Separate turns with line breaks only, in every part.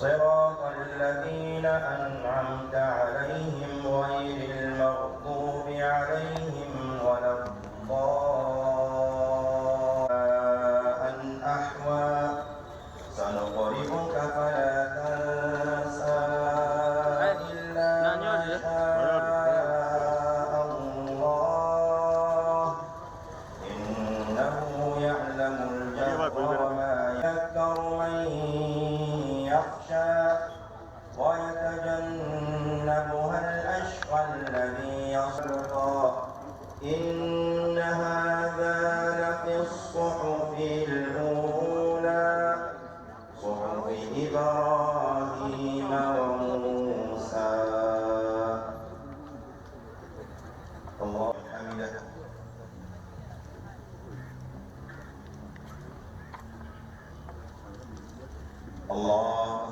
صراط الذين أنعمت عليهم غير المغضوب عليهم ولا الضالين أحوى سنقربك فلا تنسى
إلا ما
شاء الله إنه يعلم الجهر وما
Allah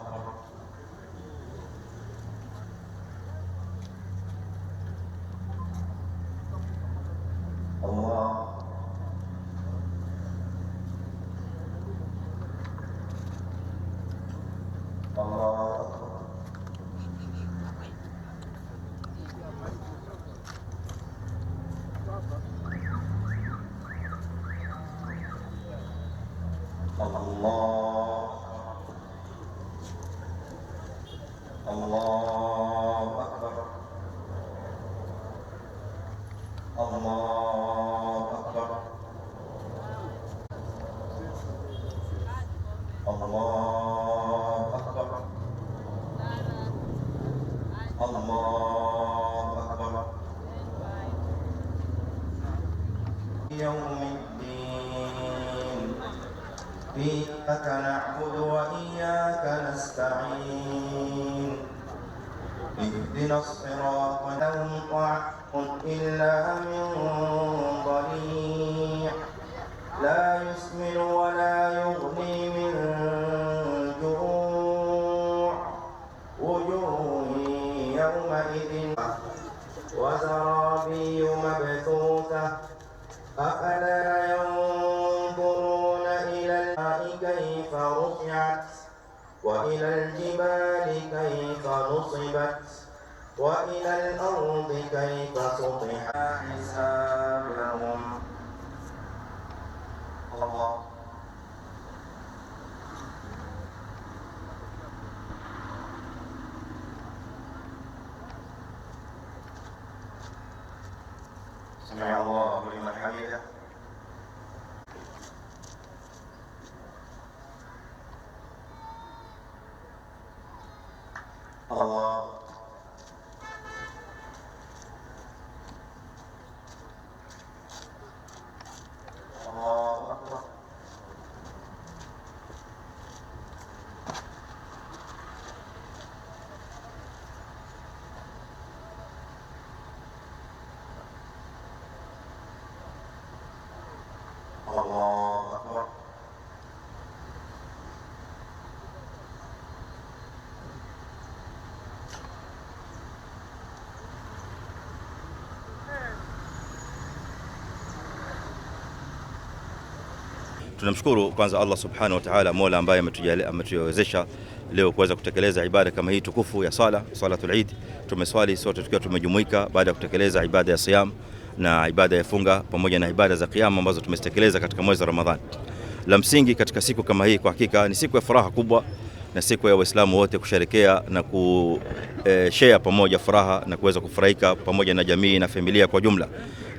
يوم الدين إياك نعبد وإياك نستعين اهدنا الصراط لهم طعام إلا من ينظرون إلى الماء كيف رفعت وإلى الجبال كيف نصبت وإلى الأرض كيف سطح حسابهم
الله سمع الله لمن حمده họ ờ.
Tunamshukuru kwanza Allah subhanahu wa ta'ala, mola ambaye ametuwezesha leo kuweza kutekeleza ibada kama hii tukufu ya sala salatul Eid. Tumeswali sote tukiwa tumejumuika baada ya kutekeleza ibada ya siyam na ibada ya funga pamoja na ibada za kiyama ambazo tumezitekeleza katika mwezi wa Ramadhani. La msingi katika siku kama hii, kwa hakika ni siku ya furaha kubwa na siku ya Waislamu wote kusherekea na kushare eh, pamoja furaha na kuweza kufurahika pamoja na jamii na familia kwa jumla.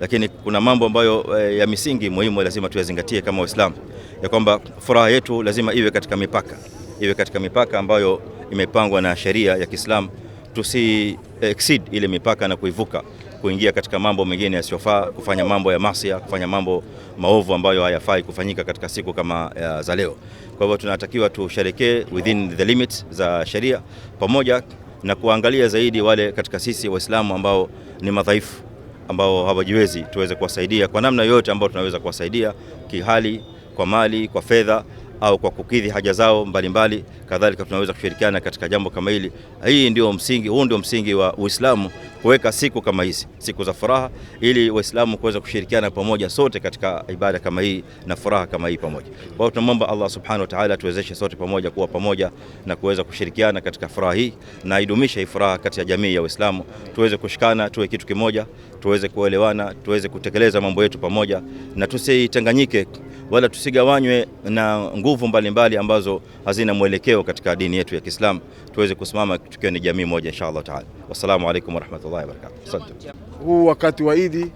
Lakini kuna mambo ambayo eh, ya misingi muhimu lazima tuyazingatie kama Waislamu, ya kwamba furaha yetu lazima iwe katika mipaka, iwe katika mipaka ambayo imepangwa na sheria ya Kiislamu. Tusi eh, exceed ile mipaka na kuivuka kuingia katika mambo mengine yasiyofaa, kufanya mambo ya masia, kufanya mambo maovu ambayo hayafai kufanyika katika siku kama eh, za leo. Kwa hivyo tunatakiwa tusherekee within the limits za sheria, pamoja na kuangalia zaidi wale katika sisi Waislamu ambao ni madhaifu, ambao hawajiwezi, tuweze kuwasaidia kwa namna yoyote ambayo tunaweza kuwasaidia kihali, kwa mali, kwa fedha au kwa kukidhi haja zao mbalimbali, kadhalika tunaweza kushirikiana katika jambo kama hili. Hii ndio msingi, huu ndio msingi wa Uislamu, kuweka siku kama hizi, siku za furaha, ili Waislamu kuweza kushirikiana pamoja sote katika ibada kama hii na furaha kama hii pamoja. Kwa hiyo tunamwomba Allah subhanahu wa ta'ala tuwezeshe sote pamoja kuwa pamoja na kuweza kushirikiana katika furaha hii na idumishe hii furaha kati ya jamii ya Waislamu, tuweze kushikana, tuwe kitu kimoja, tuweze kuelewana, tuweze kutekeleza mambo yetu pamoja na tusitenganyike wala tusigawanywe na nguvu mbalimbali mbali ambazo hazina mwelekeo katika dini yetu ya Kiislamu, tuweze kusimama tukiwa ni jamii moja insha Allah taala. Wassalamu alaikum warahmatullahi wabarakatuh. Asante.
Huu wakati wa Idi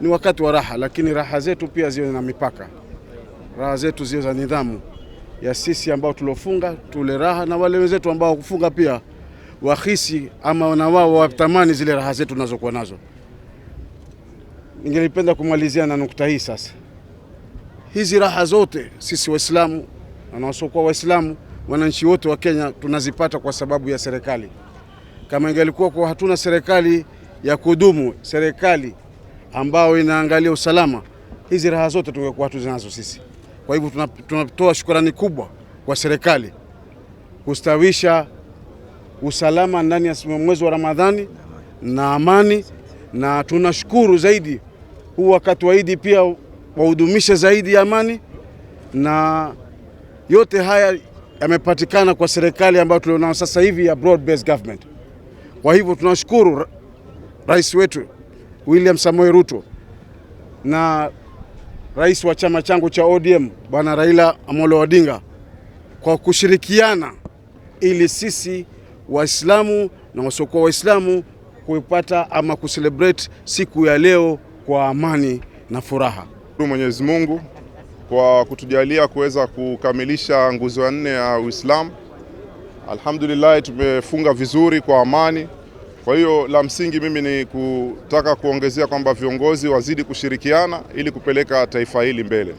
ni wakati wa raha, lakini raha zetu pia ziwe na mipaka, raha zetu ziwe za nidhamu ya sisi ambao tuliofunga tule raha, na wale wenzetu ambao kufunga pia wahisi ama na wao watamani zile raha zetu tunazokuwa nazo. Ningelipenda kumalizia na nukta hii sasa hizi raha zote sisi Waislamu na wasiokuwa Waislamu, wananchi wote wa Kenya tunazipata kwa sababu ya serikali. Kama ingelikuwa kwa hatuna serikali ya kudumu, serikali ambayo inaangalia usalama, hizi raha zote tungekuwa hatuzinazo sisi. Kwa hivyo tunatoa shukrani kubwa kwa serikali kustawisha usalama ndani ya mwezi wa Ramadhani na amani, na tunashukuru zaidi huu wakati wa Idi pia wahudumishe zaidi ya amani, na yote haya yamepatikana kwa serikali ambayo tulionao sasa hivi ya broad based government. Kwa hivyo tunashukuru rais wetu William Samoei Ruto na rais wa chama changu cha ODM Bwana Raila Amolo Odinga kwa kushirikiana ili sisi Waislamu na wasiokuwa Waislamu kuipata ama kucelebrate siku ya leo kwa amani na furaha.
Shukuru Mwenyezi Mungu kwa kutujalia kuweza kukamilisha nguzo ya nne ya Uislamu. Alhamdulillah, tumefunga vizuri kwa amani. Kwa hiyo la msingi mimi ni kutaka kuongezea kwamba viongozi wazidi kushirikiana ili kupeleka taifa hili mbele.